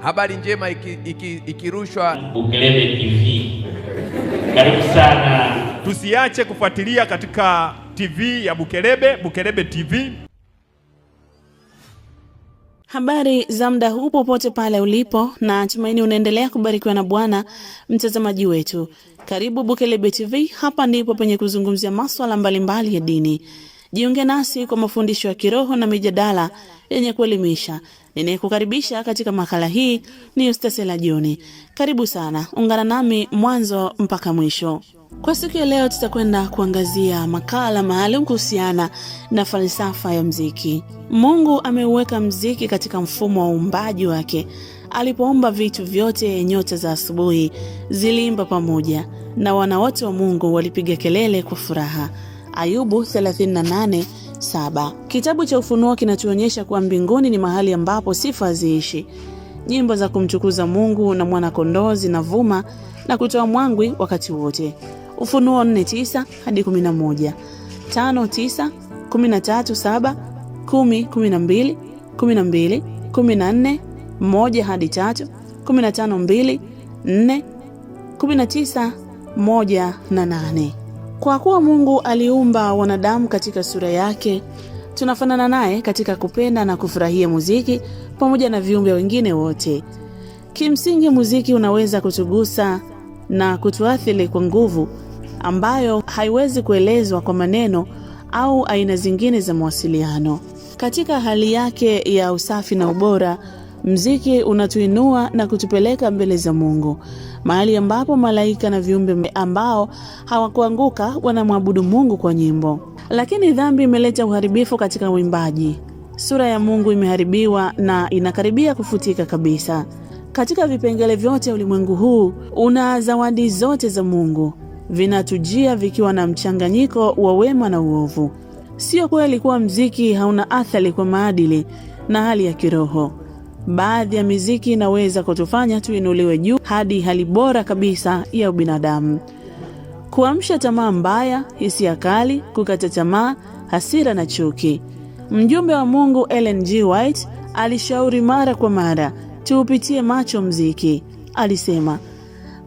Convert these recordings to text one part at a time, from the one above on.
Habari njema ikirushwa iki, iki Bukelebe TV. Karibu sana, tusiache kufuatilia katika TV ya Bukelebe, Bukelebe TV. Habari za muda huu popote pale ulipo, na tumaini unaendelea kubarikiwa na Bwana, mtazamaji wetu. Karibu Bukelebe TV, hapa ndipo penye kuzungumzia maswala mbalimbali ya dini. Jiunge nasi kwa mafundisho ya kiroho na mijadala yenye kuelimisha. Ninayekukaribisha katika makala hii ni Yustasela Joni. Karibu sana, ungana nami mwanzo mpaka mwisho. Kwa siku ya leo, tutakwenda kuangazia makala maalum kuhusiana na falsafa ya mziki. Mungu ameuweka mziki katika mfumo wa uumbaji wake. Alipoumba vitu vyote, nyota za asubuhi ziliimba pamoja na wana wote wa Mungu walipiga kelele kwa furaha. Ayubu 38:7. Kitabu cha Ufunuo kinatuonyesha kuwa mbinguni ni mahali ambapo sifa haziishi. Nyimbo za kumtukuza Mungu na mwanakondoo zinavuma na kutoa mwangwi wakati wote. Ufunuo 4:9 hadi 11, 5:9, 13:7, 10, 12, 12, 14, 1 hadi 3, 15:2, 19, 1 na 8. Kwa kuwa Mungu aliumba wanadamu katika sura yake, tunafanana naye katika kupenda na kufurahia muziki pamoja na viumbe wengine wote. Kimsingi, muziki unaweza kutugusa na kutuathiri kwa nguvu ambayo haiwezi kuelezwa kwa maneno au aina zingine za mawasiliano. Katika hali yake ya usafi na ubora, Mziki unatuinua na kutupeleka mbele za Mungu, mahali ambapo malaika na viumbe ambao hawakuanguka wanamwabudu Mungu kwa nyimbo. Lakini dhambi imeleta uharibifu katika uimbaji. Sura ya Mungu imeharibiwa na inakaribia kufutika kabisa. Katika vipengele vyote ulimwengu huu una zawadi zote za Mungu, vinatujia vikiwa na mchanganyiko wa wema na uovu. Sio kweli kuwa mziki hauna athari kwa maadili na hali ya kiroho baadhi ya miziki inaweza kutufanya tuinuliwe juu hadi hali bora kabisa ya ubinadamu. Kuamsha tamaa mbaya, hisia kali, kukata tamaa, hasira na chuki. Mjumbe wa Mungu Ellen G. White alishauri mara kwa mara tuupitie macho mziki. Alisema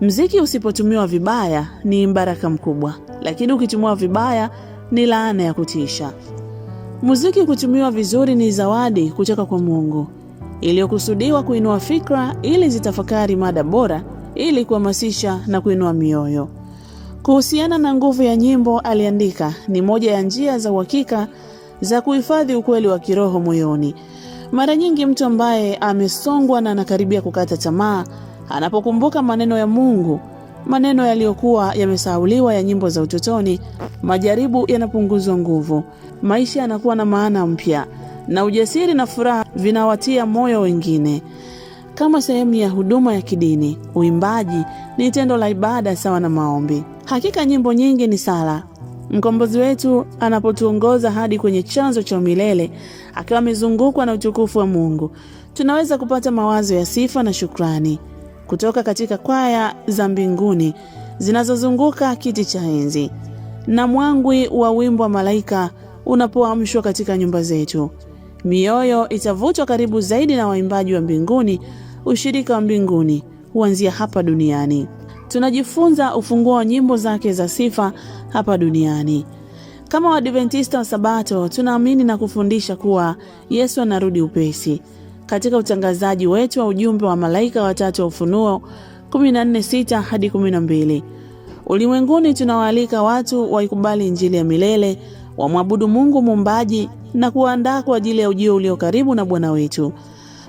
mziki usipotumiwa vibaya ni mbaraka mkubwa, lakini ukitumiwa vibaya ni laana ya kutisha. Muziki kutumiwa vizuri ni zawadi kutoka kwa Mungu iliyokusudiwa kuinua fikra ili zitafakari mada bora ili kuhamasisha na kuinua mioyo. Kuhusiana na nguvu ya nyimbo, aliandika ni moja ya njia za uhakika za kuhifadhi ukweli wa kiroho moyoni. Mara nyingi mtu ambaye amesongwa na anakaribia kukata tamaa anapokumbuka maneno ya Mungu, maneno yaliyokuwa yamesahauliwa ya nyimbo za utotoni, majaribu yanapunguzwa nguvu, maisha yanakuwa na maana mpya na ujasiri na furaha vinawatia moyo wengine. Kama sehemu ya huduma ya kidini, uimbaji ni tendo la ibada sawa na maombi. Hakika nyimbo nyingi ni sala. Mkombozi wetu anapotuongoza hadi kwenye chanzo cha milele akiwa amezungukwa na utukufu wa Mungu, tunaweza kupata mawazo ya sifa na shukrani kutoka katika kwaya za mbinguni zinazozunguka kiti cha enzi, na mwangwi wa wimbo wa malaika unapoamshwa katika nyumba zetu. Mioyo itavutwa karibu zaidi na waimbaji wa mbinguni. Ushirika wa mbinguni huanzia hapa duniani. Tunajifunza ufunguo wa nyimbo zake za sifa hapa duniani. Kama Waadventista wa Sabato, tunaamini na kufundisha kuwa Yesu anarudi upesi. Katika utangazaji wetu wa ujumbe wa malaika watatu wa Ufunuo 14:6 hadi 12, ulimwenguni tunawaalika watu waikubali Injili ya milele wamwabudu Mungu muumbaji na kuwaandaa kwa ajili ya ujio ulio karibu na Bwana wetu.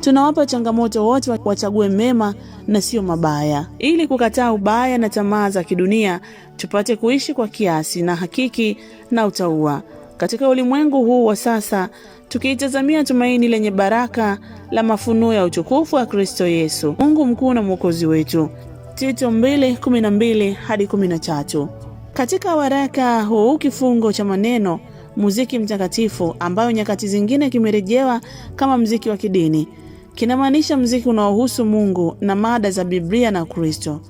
Tunawapa changamoto wote wachague mema na sio mabaya, ili kukataa ubaya na tamaa za kidunia, tupate kuishi kwa kiasi na hakiki na utaua katika ulimwengu huu wa sasa, tukiitazamia tumaini lenye baraka la mafunuo ya utukufu wa Kristo Yesu, Mungu mkuu na mwokozi wetu. Tito 2:12 hadi 13. Katika waraka huu kifungo cha maneno muziki mtakatifu, ambayo nyakati zingine kimerejewa kama mziki wa kidini, kinamaanisha mziki unaohusu Mungu na mada za Biblia na Kristo.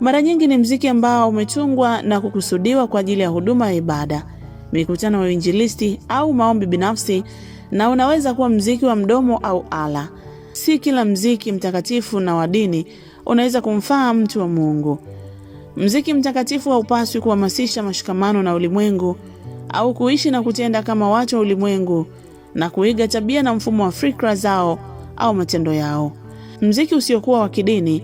Mara nyingi ni mziki ambao umetungwa na kukusudiwa kwa ajili ya huduma ya ibada, mikutano ya uinjilisti au maombi binafsi, na unaweza kuwa mziki wa mdomo au ala. Si kila mziki mtakatifu na wa dini unaweza kumfaa mtu wa Mungu. Mziki mtakatifu haupaswi kuhamasisha mashikamano na ulimwengu au kuishi na kutenda kama watu wa ulimwengu na kuiga tabia na mfumo wa fikra zao au matendo yao. Mziki usiokuwa wa kidini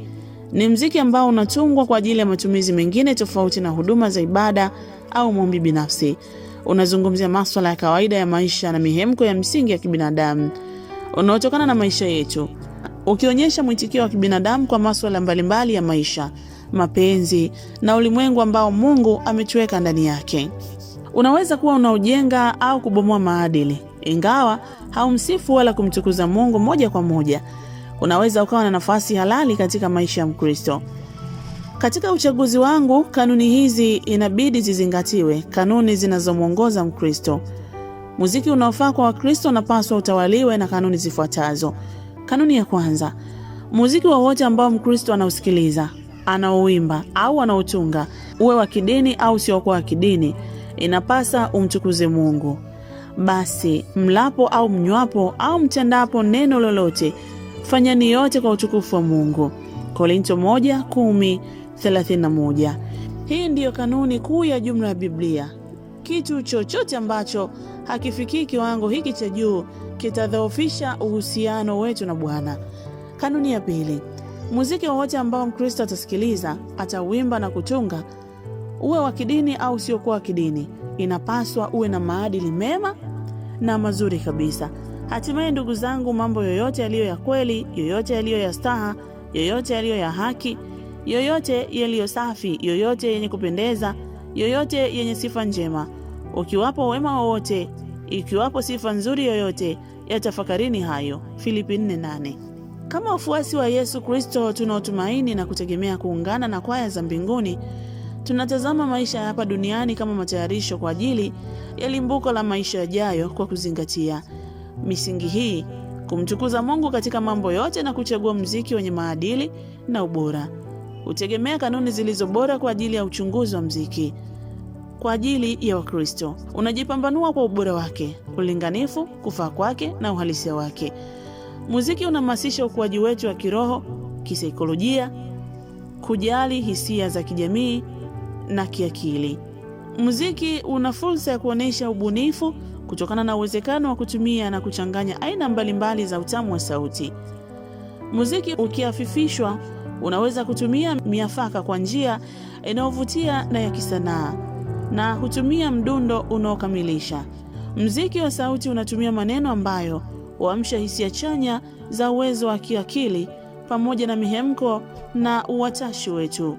ni mziki ambao unatungwa kwa ajili ya matumizi mengine tofauti na huduma za ibada au maombi binafsi. Unazungumzia maswala ya kawaida ya maisha na mihemko ya msingi ya kibinadamu unaotokana na maisha yetu, ukionyesha mwitikio wa kibinadamu kwa maswala mbalimbali ya maisha mapenzi na ulimwengu ambao Mungu ametuweka ndani yake. Unaweza kuwa unaojenga au kubomoa maadili, ingawa haumsifu wala kumtukuza Mungu moja kwa moja. Unaweza ukawa na nafasi halali katika maisha ya Mkristo. Katika uchaguzi wangu, kanuni hizi inabidi zizingatiwe, kanuni zinazomwongoza Mkristo. Muziki unaofaa kwa Wakristo unapaswa utawaliwe na kanuni zifuatazo. Kanuni ya kwanza: muziki wowote ambao Mkristo anausikiliza anaoimba au anaotunga, uwe wa kidini au siokuwa wa kidini, inapasa umtukuze Mungu. Basi mlapo au mnywapo au mtendapo neno lolote, fanyeni yote kwa utukufu wa Mungu. Korinto 1:10:31. Hii ndiyo kanuni kuu ya jumla ya Biblia. Kitu chochote ambacho hakifikii kiwango hiki cha juu kitadhoofisha uhusiano wetu na Bwana. Kanuni ya pili Muziki wowote ambao Mkristo atasikiliza, atauimba na kutunga, uwe wa kidini au usiokuwa wa kidini, inapaswa uwe na maadili mema na mazuri kabisa. Hatimaye ndugu zangu, mambo yoyote yaliyo ya kweli, yoyote yaliyo ya staha, yoyote yaliyo ya haki, yoyote yaliyo safi, yoyote yenye kupendeza, yoyote yenye sifa njema, ukiwapo wema wowote, ikiwapo sifa nzuri yoyote, yatafakarini hayo. Filipi 4:8. Kama wafuasi wa Yesu Kristo tunaotumaini na kutegemea kuungana na kwaya za mbinguni, tunatazama maisha ya hapa duniani kama matayarisho kwa ajili ya limbuko la maisha yajayo kwa kuzingatia misingi hii, kumtukuza Mungu katika mambo yote na kuchagua mziki wenye maadili na ubora, hutegemea kanuni zilizo bora kwa ajili ya uchunguzi wa mziki kwa ajili ya Wakristo unajipambanua kwa ubora wake, ulinganifu, kufaa kwake na uhalisia wake. Muziki unahamasisha ukuaji wetu wa kiroho, kisaikolojia, kujali hisia za kijamii na kiakili. Muziki una fursa ya kuonyesha ubunifu kutokana na uwezekano wa kutumia na kuchanganya aina mbalimbali za utamu wa sauti. Muziki ukiafifishwa, unaweza kutumia miafaka kwa njia inayovutia na ya kisanaa na hutumia mdundo unaokamilisha. Muziki wa sauti unatumia maneno ambayo huamsha hisia chanya za uwezo wa kiakili pamoja na mihemko na uwatashi wetu.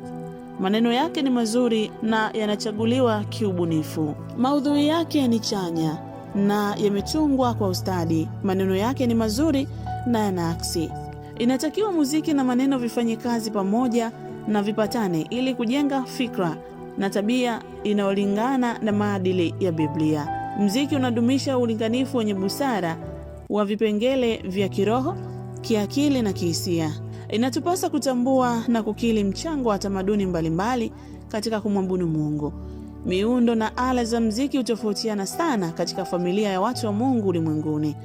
Maneno yake ni mazuri na yanachaguliwa kiubunifu. Maudhui yake ni chanya na yametungwa kwa ustadi. Maneno yake ni mazuri na yanaaksi. Inatakiwa muziki na maneno vifanye kazi pamoja na vipatane ili kujenga fikra na tabia inayolingana na maadili ya Biblia. Mziki unadumisha ulinganifu wenye busara wa vipengele vya kiroho, kiakili na kihisia. Inatupasa kutambua na kukili mchango wa tamaduni mbalimbali katika kumwabudu Mungu. Miundo na ala za mziki hutofautiana sana katika familia ya watu wa Mungu ulimwenguni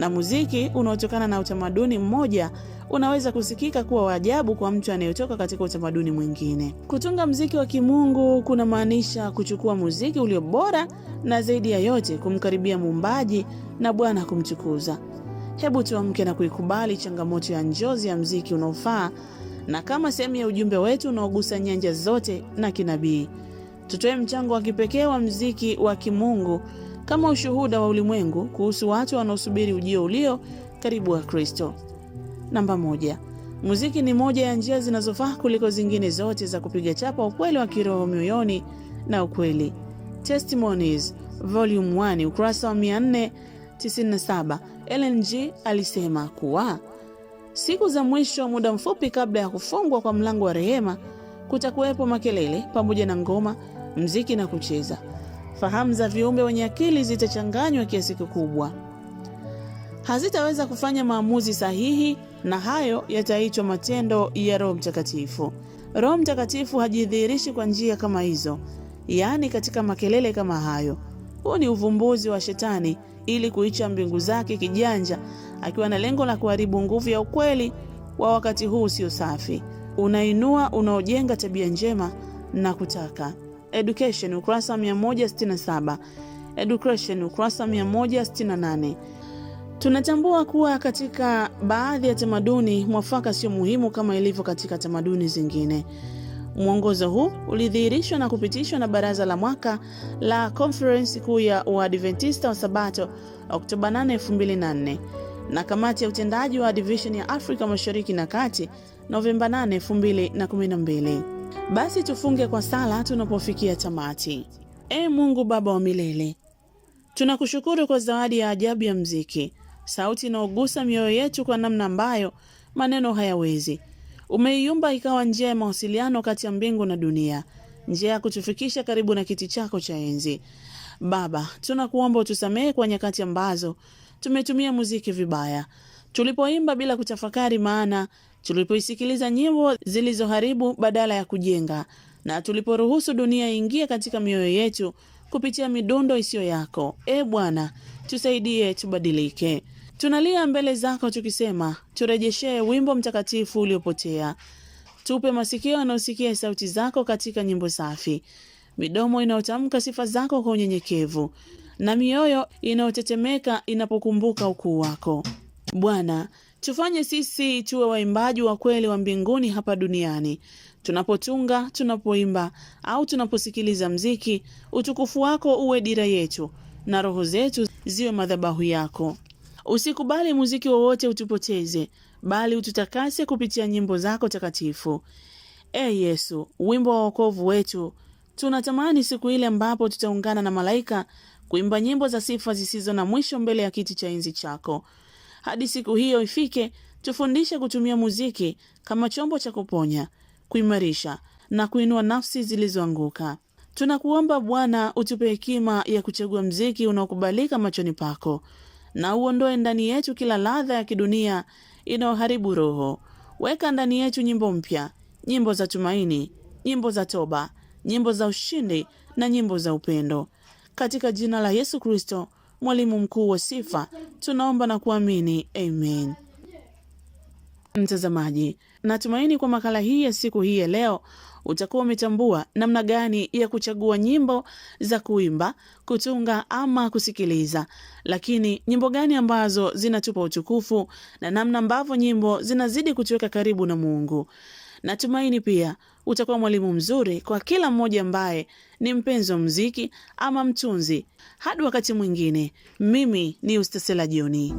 na muziki unaotokana na utamaduni mmoja unaweza kusikika kuwa waajabu kwa mtu anayetoka katika utamaduni mwingine. Kutunga mziki wa kimungu kunamaanisha kuchukua muziki ulio bora na zaidi ya yote kumkaribia muumbaji na Bwana kumtukuza. Hebu tuamke na kuikubali changamoto ya njozi ya mziki unaofaa na kama sehemu ya ujumbe wetu unaogusa nyanja zote na kinabii, tutoe mchango wa kipekee wa mziki wa kimungu kama ushuhuda wa ulimwengu kuhusu watu wanaosubiri ujio ulio karibu wa Kristo. Namba moja, muziki ni moja ya njia zinazofaa kuliko zingine zote za kupiga chapa ukweli wa kiroho mioyoni na ukweli. Testimonies Volume 1 ukurasa wa 497, Ellen G alisema kuwa siku za mwisho, muda mfupi kabla ya kufungwa kwa mlango wa rehema, kutakuwepo makelele pamoja na ngoma, mziki na kucheza fahamu za viumbe wenye akili zitachanganywa kiasi kikubwa, hazitaweza kufanya maamuzi sahihi, na hayo yataitwa matendo ya Roho Mtakatifu. Roho Mtakatifu hajidhihirishi kwa njia kama hizo, yaani katika makelele kama hayo. Huu ni uvumbuzi wa Shetani ili kuicha mbingu zake kijanja, akiwa na lengo la kuharibu nguvu ya ukweli wa wakati huu usio safi, unainua unaojenga tabia njema na kutaka Education ukurasa 167, Education ukurasa 168. Tunatambua kuwa katika baadhi ya tamaduni mwafaka sio muhimu kama ilivyo katika tamaduni zingine. Mwongozo huu ulidhihirishwa na kupitishwa na Baraza la Mwaka la Konferensi Kuu ya uadventista wa Sabato Oktoba 8, 2004 na Kamati ya Utendaji wa division ya Afrika Mashariki na Kati Novemba 8, 2012. Basi tufunge kwa sala tunapofikia tamati. e Mungu Baba wa milele, tunakushukuru kwa zawadi ya ajabu ya mziki, sauti inaogusa mioyo yetu kwa namna ambayo maneno hayawezi. Umeiumba ikawa njia ya mawasiliano kati ya mbingu na dunia, njia ya kutufikisha karibu na kiti chako cha enzi. Baba, tunakuomba utusamehe kwa nyakati ambazo tumetumia muziki vibaya, tulipoimba bila kutafakari maana tulipoisikiliza nyimbo zilizoharibu badala ya kujenga, na tuliporuhusu dunia iingie katika mioyo yetu kupitia midundo isiyo yako. E Bwana, tusaidie tubadilike. Tunalia mbele zako tukisema, turejeshee wimbo mtakatifu uliopotea. Tupe masikio yanayosikia sauti zako katika nyimbo safi, midomo inayotamka sifa zako kwa unyenyekevu, na mioyo inayotetemeka inapokumbuka ukuu wako Bwana. Tufanye sisi tuwe waimbaji wa kweli wa mbinguni hapa duniani. Tunapotunga, tunapoimba au tunaposikiliza mziki, utukufu wako uwe dira yetu na roho zetu ziwe madhabahu yako. Usikubali muziki wowote utupoteze, bali ututakase kupitia nyimbo zako takatifu. E Yesu, wimbo wa wokovu wetu, tunatamani siku ile ambapo tutaungana na malaika kuimba nyimbo za sifa zisizo na mwisho mbele ya kiti cha enzi chako hadi siku hiyo ifike, tufundishe kutumia muziki kama chombo cha kuponya, kuimarisha na kuinua nafsi zilizoanguka. Tunakuomba Bwana, utupe hekima ya kuchagua mziki unaokubalika machoni pako, na uondoe ndani yetu kila ladha ya kidunia inayoharibu roho. Weka ndani yetu nyimbo mpya, nyimbo za tumaini, nyimbo za toba, nyimbo za ushindi na nyimbo za upendo, katika jina la Yesu Kristo mwalimu mkuu wa sifa, tunaomba na kuamini amen. Mtazamaji, natumaini kwa makala hii ya siku hii ya leo utakuwa umetambua namna gani ya kuchagua nyimbo za kuimba, kutunga ama kusikiliza, lakini nyimbo gani ambazo zinatupa utukufu na namna ambavyo nyimbo zinazidi kutuweka karibu na Mungu. Natumaini pia utakuwa mwalimu mzuri kwa kila mmoja ambaye ni mpenzi wa muziki ama mtunzi. Hadi wakati mwingine, mimi ni Ustasela jioni